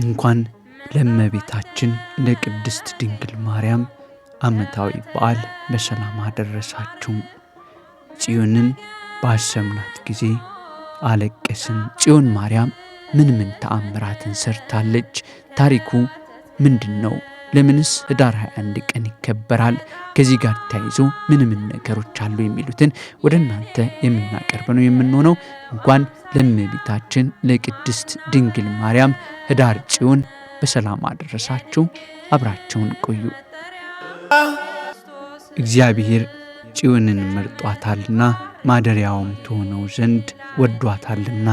እንኳን ለመቤታችን ለቅድስት ድንግል ማርያም ዓመታዊ በዓል በሰላም አደረሳችሁ። ጽዮንን ባሰምናት ጊዜ አለቀስን። ጽዮን ማርያም ምን ምን ተአምራትን ሰርታለች? ታሪኩ ምንድን ነው? ለምንስ ህዳር 21 ቀን ይከበራል? ከዚህ ጋር ተያይዞ ምን ምን ነገሮች አሉ? የሚሉትን ወደ እናንተ የምናቀርብ ነው የምንሆነው። እንኳን ለእመቤታችን ለቅድስት ድንግል ማርያም ህዳር ጽዮን በሰላም አደረሳችሁ። አብራችሁን ቆዩ። እግዚአብሔር ጽዮንን መርጧታልና ማደሪያውም ትሆነው ዘንድ ወዷታልና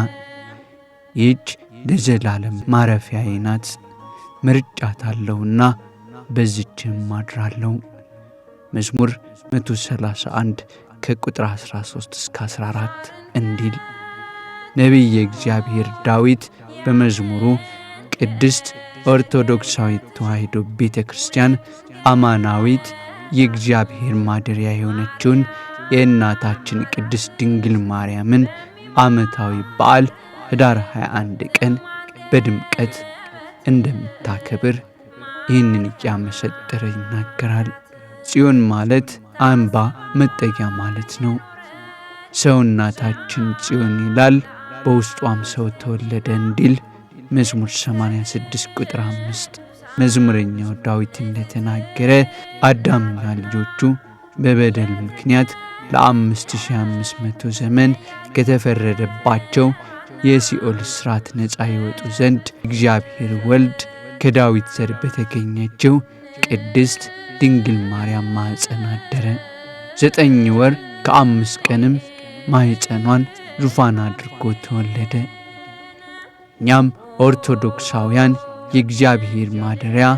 ይህች ለዘላለም ማረፊያዬ ናት መርጫታለሁና በዚችም አድራለው። መዝሙር 131 ከቁጥር 13 እስከ 14 እንዲል ነቢየ እግዚአብሔር ዳዊት በመዝሙሩ ቅድስት ኦርቶዶክሳዊት ተዋሕዶ ቤተ ክርስቲያን አማናዊት የእግዚአብሔር ማደሪያ የሆነችውን የእናታችን ቅድስት ድንግል ማርያምን ዓመታዊ በዓል ኅዳር 21 ቀን በድምቀት እንደምታከብር ይህንን እያመሰጠረ ይናገራል። ጽዮን ማለት አምባ መጠጊያ ማለት ነው። ሰው እናታችን ጽዮን ይላል፣ በውስጧም ሰው ተወለደ እንዲል መዝሙር 86 ቁጥር 5 መዝሙረኛው ዳዊት እንደተናገረ አዳምና ልጆቹ በበደል ምክንያት ለ5500 ዘመን ከተፈረደባቸው የሲኦል ስርዓት ነፃ ይወጡ ዘንድ እግዚአብሔር ወልድ ከዳዊት ዘር በተገኘችው ቅድስት ድንግል ማርያም ማኅፀን አደረ። ዘጠኝ ወር ከአምስት ቀንም ማኅፀኗን ዙፋን አድርጎ ተወለደ። እኛም ኦርቶዶክሳውያን የእግዚአብሔር ማደሪያ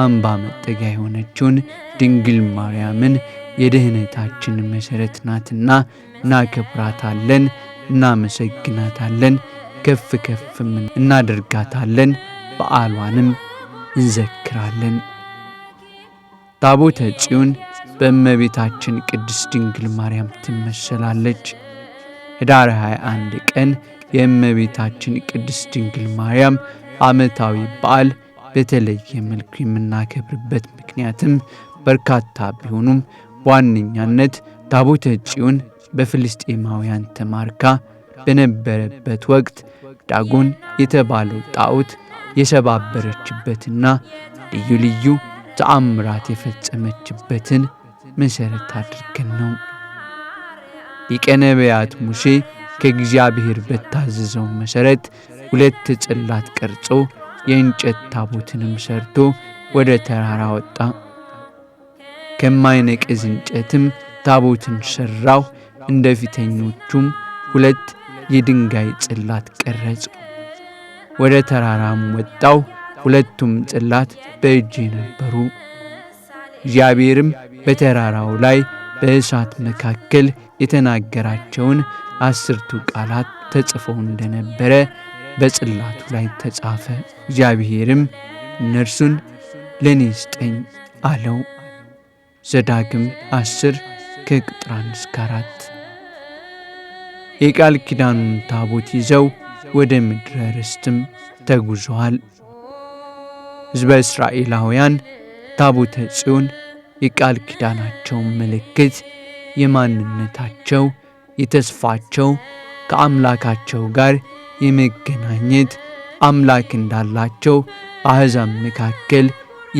አምባ መጠጊያ የሆነችውን ድንግል ማርያምን የድኅነታችን መሠረት ናትና እናከብራታለን፣ እናመሰግናታለን፣ ከፍ ከፍም እናደርጋታለን። በዓሏንም እንዘክራለን። ታቦተ ጽዮን በእመቤታችን ቅድስት ድንግል ማርያም ትመሰላለች። ኅዳር 21 ቀን የእመቤታችን ቅድስት ድንግል ማርያም ዓመታዊ በዓል በተለየ መልኩ የምናከብርበት ምክንያትም በርካታ ቢሆኑም በዋነኛነት ታቦተ ጽዮን በፍልስጤማውያን ተማርካ በነበረበት ወቅት ዳጎን የተባለው ጣዖት የሰባበረችበትና ልዩ ልዩ ተአምራት የፈጸመችበትን መሠረት አድርገን ነው። ሊቀ ነቢያት ሙሴ ከእግዚአብሔር በታዘዘው መሠረት ሁለት ጽላት ቀርጾ የእንጨት ታቦትንም ሰርቶ ወደ ተራራ ወጣ። ከማይነቅዝ እንጨትም ታቦትን ሠራሁ። እንደ ፊተኞቹም ሁለት የድንጋይ ጽላት ቀረጽ። ወደ ተራራም ወጣው። ሁለቱም ጽላት በእጄ ነበሩ። እግዚአብሔርም በተራራው ላይ በእሳት መካከል የተናገራቸውን አስርቱ ቃላት ተጽፈው እንደነበረ በጽላቱ ላይ ተጻፈ። እግዚአብሔርም እነርሱን ለእኔ ስጠኝ አለው። ዘዳግም አስር ከቅጥራን እስከ አራት የቃል ኪዳኑን ታቦት ይዘው ወደ ምድረ ርስትም ተጉዘዋል። ሕዝበ እስራኤላውያን ታቦተ ጽዮን የቃል ኪዳናቸው ምልክት፣ የማንነታቸው፣ የተስፋቸው፣ ከአምላካቸው ጋር የመገናኘት አምላክ እንዳላቸው አሕዛብ መካከል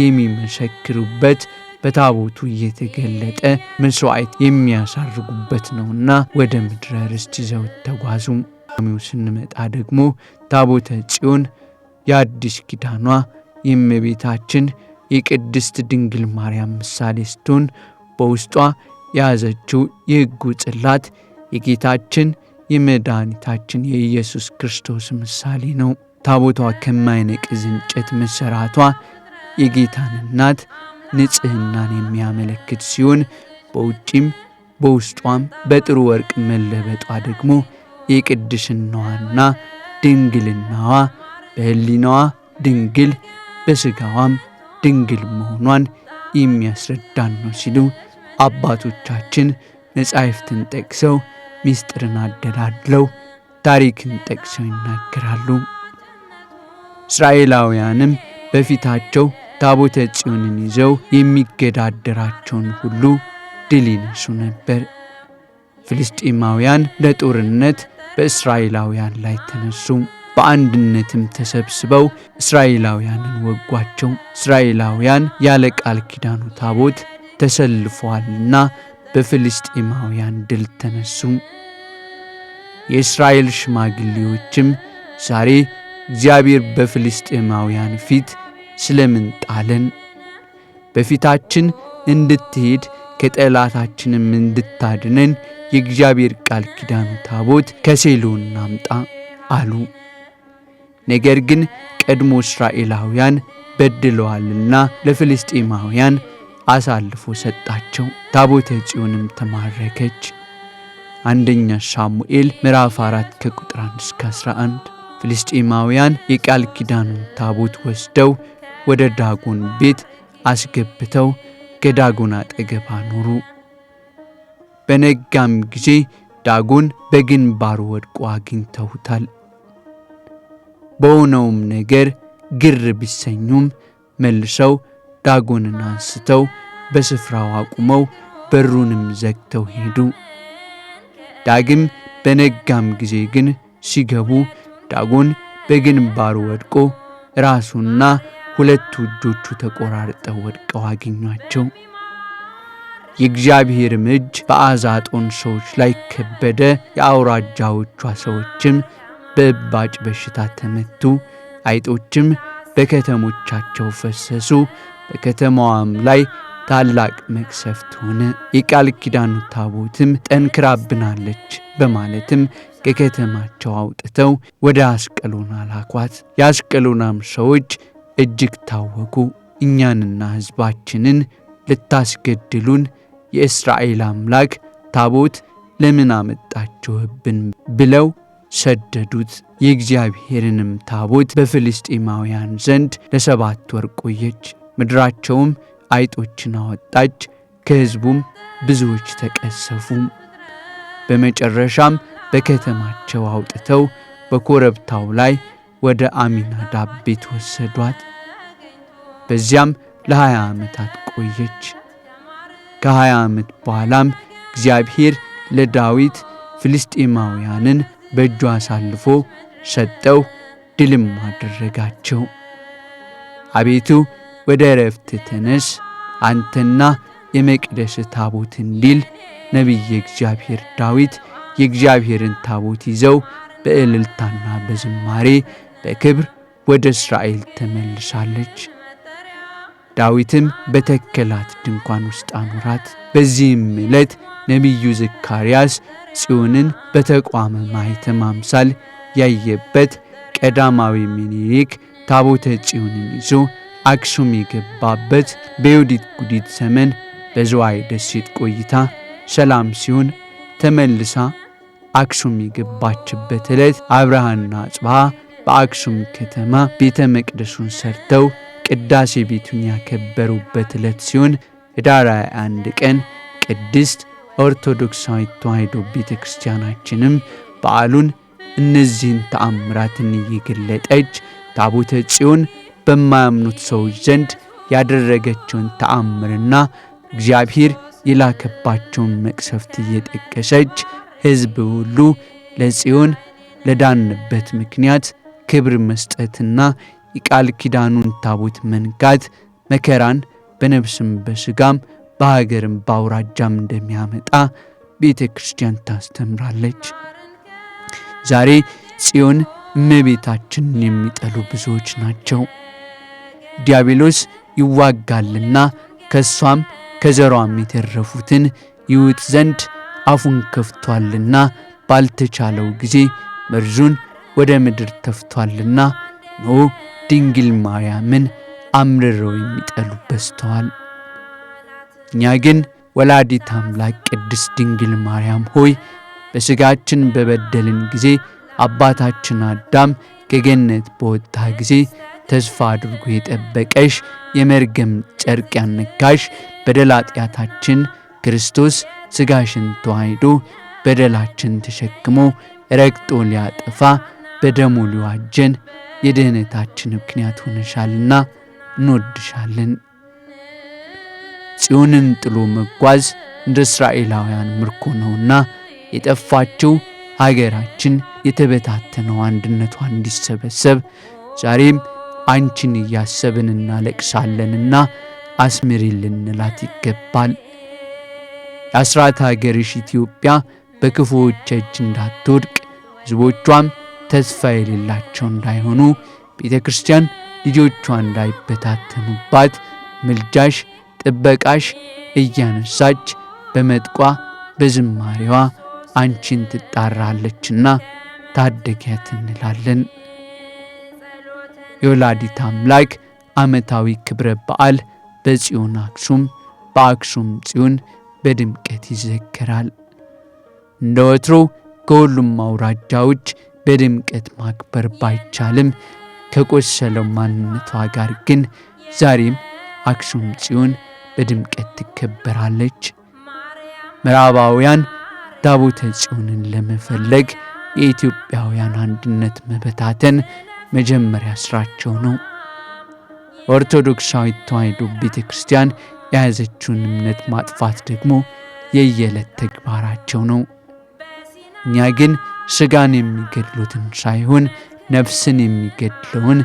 የሚመሰክሩበት በታቦቱ እየተገለጠ መሥዋዕት የሚያሳርጉበት ነውና ወደ ምድረ ርስት ይዘውት ተጓዙም። ፍጻሜው ስንመጣ ደግሞ ታቦተ ጽዮን የአዲስ ኪዳኗ የእመቤታችን የቅድስት ድንግል ማርያም ምሳሌ ስትሆን በውስጧ የያዘችው የሕጉ ጽላት የጌታችን የመድኃኒታችን የኢየሱስ ክርስቶስ ምሳሌ ነው። ታቦቷ ከማይነቅዝ እንጨት መሠራቷ የጌታን እናት ንጽሕናን የሚያመለክት ሲሆን በውጪም በውስጧም በጥሩ ወርቅ መለበጧ ደግሞ የቅድስናዋና ድንግልናዋ በህሊናዋ ድንግል በሥጋዋም ድንግል መሆኗን የሚያስረዳን ነው ሲሉ አባቶቻችን መጻሕፍትን ጠቅሰው ምስጢርን አደላድለው ታሪክን ጠቅሰው ይናገራሉ። እስራኤላውያንም በፊታቸው ታቦተ ጽዮንን ይዘው የሚገዳደራቸውን ሁሉ ድል ይነሱ ነበር። ፍልስጢማውያን ለጦርነት በእስራኤላውያን ላይ ተነሱ። በአንድነትም ተሰብስበው እስራኤላውያንን ወጓቸው። እስራኤላውያን ያለ ቃል ኪዳኑ ታቦት ተሰልፏልና በፍልስጤማውያን ድል ተነሱ። የእስራኤል ሽማግሌዎችም ዛሬ እግዚአብሔር በፍልስጤማውያን ፊት ስለምን ጣለን? በፊታችን እንድትሄድ ከጠላታችንም እንድታድነን የእግዚአብሔር ቃል ኪዳኑ ታቦት ከሴሎ እናምጣ አሉ። ነገር ግን ቀድሞ እስራኤላውያን በድለዋልና ለፍልስጤማውያን አሳልፎ ሰጣቸው። ታቦተ ጽዮንም ተማረከች። አንደኛ ሳሙኤል ምዕራፍ 4 ከቁጥር 1 እስከ 11። ፍልስጤማውያን የቃል ኪዳኑን ታቦት ወስደው ወደ ዳጎን ቤት አስገብተው ከዳጎን አጠገብ አኖሩ። በነጋም ጊዜ ዳጎን በግንባሩ ወድቆ አግኝተውታል። በሆነውም ነገር ግር ቢሰኙም መልሰው ዳጎንን አንስተው በስፍራው አቁመው በሩንም ዘግተው ሄዱ። ዳግም በነጋም ጊዜ ግን ሲገቡ ዳጎን በግንባሩ ወድቆ ራሱና ሁለቱ እጆቹ ተቆራርጠው ወድቀው አገኟቸው። የእግዚአብሔርም እጅ በአዛጦን ሰዎች ላይ ከበደ። የአውራጃዎቿ ሰዎችም በእባጭ በሽታ ተመቱ። አይጦችም በከተሞቻቸው ፈሰሱ። በከተማዋም ላይ ታላቅ መቅሰፍት ሆነ። የቃል ኪዳኑ ታቦትም ጠንክራብናለች በማለትም ከከተማቸው አውጥተው ወደ አስቀሎን አላኳት። የአስቀሎናም ሰዎች እጅግ ታወኩ እኛንና ሕዝባችንን ልታስገድሉን የእስራኤል አምላክ ታቦት ለምን አመጣችሁብን ብለው ሰደዱት። የእግዚአብሔርንም ታቦት በፍልስጤማውያን ዘንድ ለሰባት ወር ቆየች። ምድራቸውም አይጦችን አወጣች፣ ከሕዝቡም ብዙዎች ተቀሰፉ። በመጨረሻም በከተማቸው አውጥተው በኮረብታው ላይ ወደ አሚናዳብ ቤት ወሰዷት። በዚያም ለሀያ ዓመታት ቆየች። ከ20 ዓመት በኋላም እግዚአብሔር ለዳዊት ፍልስጤማውያንን በእጁ አሳልፎ ሰጠው፣ ድልም አደረጋቸው። አቤቱ ወደ ረፍት ተነስ አንተና የመቅደስ ታቦት እንዲል ነቢየ እግዚአብሔር ዳዊት የእግዚአብሔርን ታቦት ይዘው በእልልታና በዝማሬ በክብር ወደ እስራኤል ተመልሳለች። ዳዊትም በተከላት ድንኳን ውስጥ አኖራት። በዚህም ዕለት ነቢዩ ዘካርያስ ጽዮንን በተቋመ ማኅተም አምሳል ያየበት ቀዳማዊ ምኒልክ ታቦተ ጽዮንን ይዞ አክሱም የገባበት በይሁዲት ጉዲት ዘመን በዝዋይ ደሴት ቆይታ ሰላም ሲሆን ተመልሳ አክሱም የገባችበት ዕለት አብርሃና አጽብሃ በአክሱም ከተማ ቤተ መቅደሱን ሰርተው ቅዳሴ ቤቱን ያከበሩበት ዕለት ሲሆን ኅዳር 21 ቀን ቅድስት ኦርቶዶክሳዊት ተዋሕዶ ቤተ ክርስቲያናችንም በዓሉን እነዚህን ተአምራትን እየገለጠች ታቦተ ጽዮን በማያምኑት ሰዎች ዘንድ ያደረገችውን ተአምርና እግዚአብሔር የላከባቸውን መቅሰፍት እየጠቀሰች ሕዝብ ሁሉ ለጽዮን ለዳንበት ምክንያት ክብር መስጠትና የቃል ኪዳኑን ታቦት መንጋት መከራን በነፍስም በስጋም በሀገርም በአውራጃም እንደሚያመጣ ቤተ ክርስቲያን ታስተምራለች። ዛሬ ጽዮን እመቤታችንን የሚጠሉ ብዙዎች ናቸው። ዲያብሎስ ይዋጋልና ከእሷም ከዘሯም የተረፉትን ይውጥ ዘንድ አፉን ከፍቷልና ባልተቻለው ጊዜ መርዙን ወደ ምድር ተፍቷልና ኖ ድንግል ማርያምን አምርረው የሚጠሉ በዝተዋል። እኛ ግን ወላዲት አምላክ ቅድስት ድንግል ማርያም ሆይ በሥጋችን በበደልን ጊዜ አባታችን አዳም ከገነት በወጣ ጊዜ ተስፋ አድርጎ የጠበቀሽ የመርገም ጨርቅ ያነካሽ በደል ኃጢአታችን ክርስቶስ ሥጋሽን ተዋሂዶ በደላችን ተሸክሞ ረግጦ ሊያጠፋ በደሙ ሊዋጀን የድህነታችን ምክንያት ሆነሻልና እንወድሻለን። ጽዮንን ጥሎ መጓዝ እንደ እስራኤላውያን ምርኮ ነውና የጠፋችው ሀገራችን የተበታተነው አንድነቷ እንዲሰበሰብ ዛሬም አንቺን እያሰብን እናለቅሳለንና አስምሪ ልንላት ይገባል። የአስራት ሀገርሽ ኢትዮጵያ በክፉዎች እጅ እንዳትወድቅ ሕዝቦቿም ተስፋ የሌላቸው እንዳይሆኑ ቤተ ክርስቲያን ልጆቿ እንዳይበታተኑባት ምልጃሽ፣ ጥበቃሽ እያነሳች በመጥቋ በዝማሬዋ አንቺን ትጣራለችና ታደጊያት እንላለን። የወላዲት አምላክ ዓመታዊ ክብረ በዓል በጽዮን አክሱም በአክሱም ጽዮን በድምቀት ይዘከራል። እንደ ወትሮ ከሁሉም አውራጃዎች በድምቀት ማክበር ባይቻልም ከቆሰለው ማንነቷ ጋር ግን ዛሬም አክሱም ጽዮን በድምቀት ትከበራለች። ምዕራባውያን ታቦተ ጽዮንን ለመፈለግ የኢትዮጵያውያን አንድነት መበታተን መጀመሪያ ስራቸው ነው። ኦርቶዶክሳዊት ተዋሕዶ ቤተ ክርስቲያን የያዘችውን እምነት ማጥፋት ደግሞ የየዕለት ተግባራቸው ነው። እኛ ግን ሥጋን የሚገድሉትን ሳይሆን ነፍስን የሚገድለውን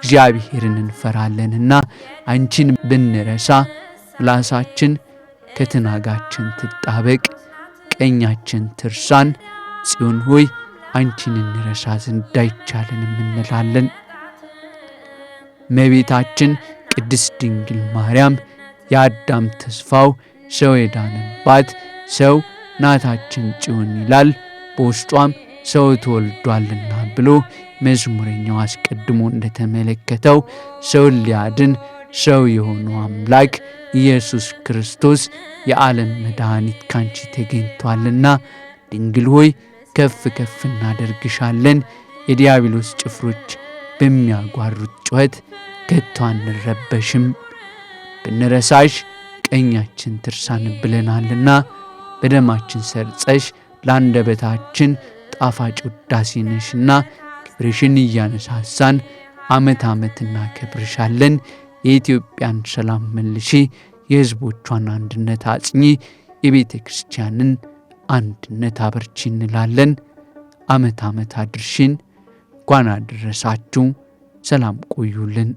እግዚአብሔርን እንፈራለንና አንቺን ብንረሳ ምላሳችን ከትናጋችን ትጣበቅ፣ ቀኛችን ትርሳን። ጽዮን ሆይ አንቺን እንረሳ ዘንድ አይቻለንም እንላለን። መቤታችን ቅድስት ድንግል ማርያም የአዳም ተስፋው ሰው የዳነባት ሰው ናታችን ጽዮን ይላል። በውስጧም ሰው ተወልዷልና ብሎ መዝሙረኛው አስቀድሞ እንደተመለከተው ሰውን ሊያድን ሰው የሆነው አምላክ ኢየሱስ ክርስቶስ የዓለም መድኃኒት ካንቺ ተገኝቷልና ድንግል ሆይ ከፍ ከፍ እናደርግሻለን። የዲያብሎስ ጭፍሮች በሚያጓሩት ጩኸት ከቶ አንረበሽም። ብንረሳሽ ቀኛችን ትርሳን ብለናልና በደማችን ሰርጸሽ ለአንደበታችን ጣፋጭ ውዳሴነሽና ክብርሽን እያነሳሳን ዓመት ዓመት እናከብርሻለን። የኢትዮጵያን ሰላም መልሺ፣ የሕዝቦቿን አንድነት አጽኚ፣ የቤተ ክርስቲያንን አንድነት አበርቺ እንላለን። ዓመት ዓመት አድርሽን። እንኳን አደረሳችሁ። ሰላም ቆዩልን።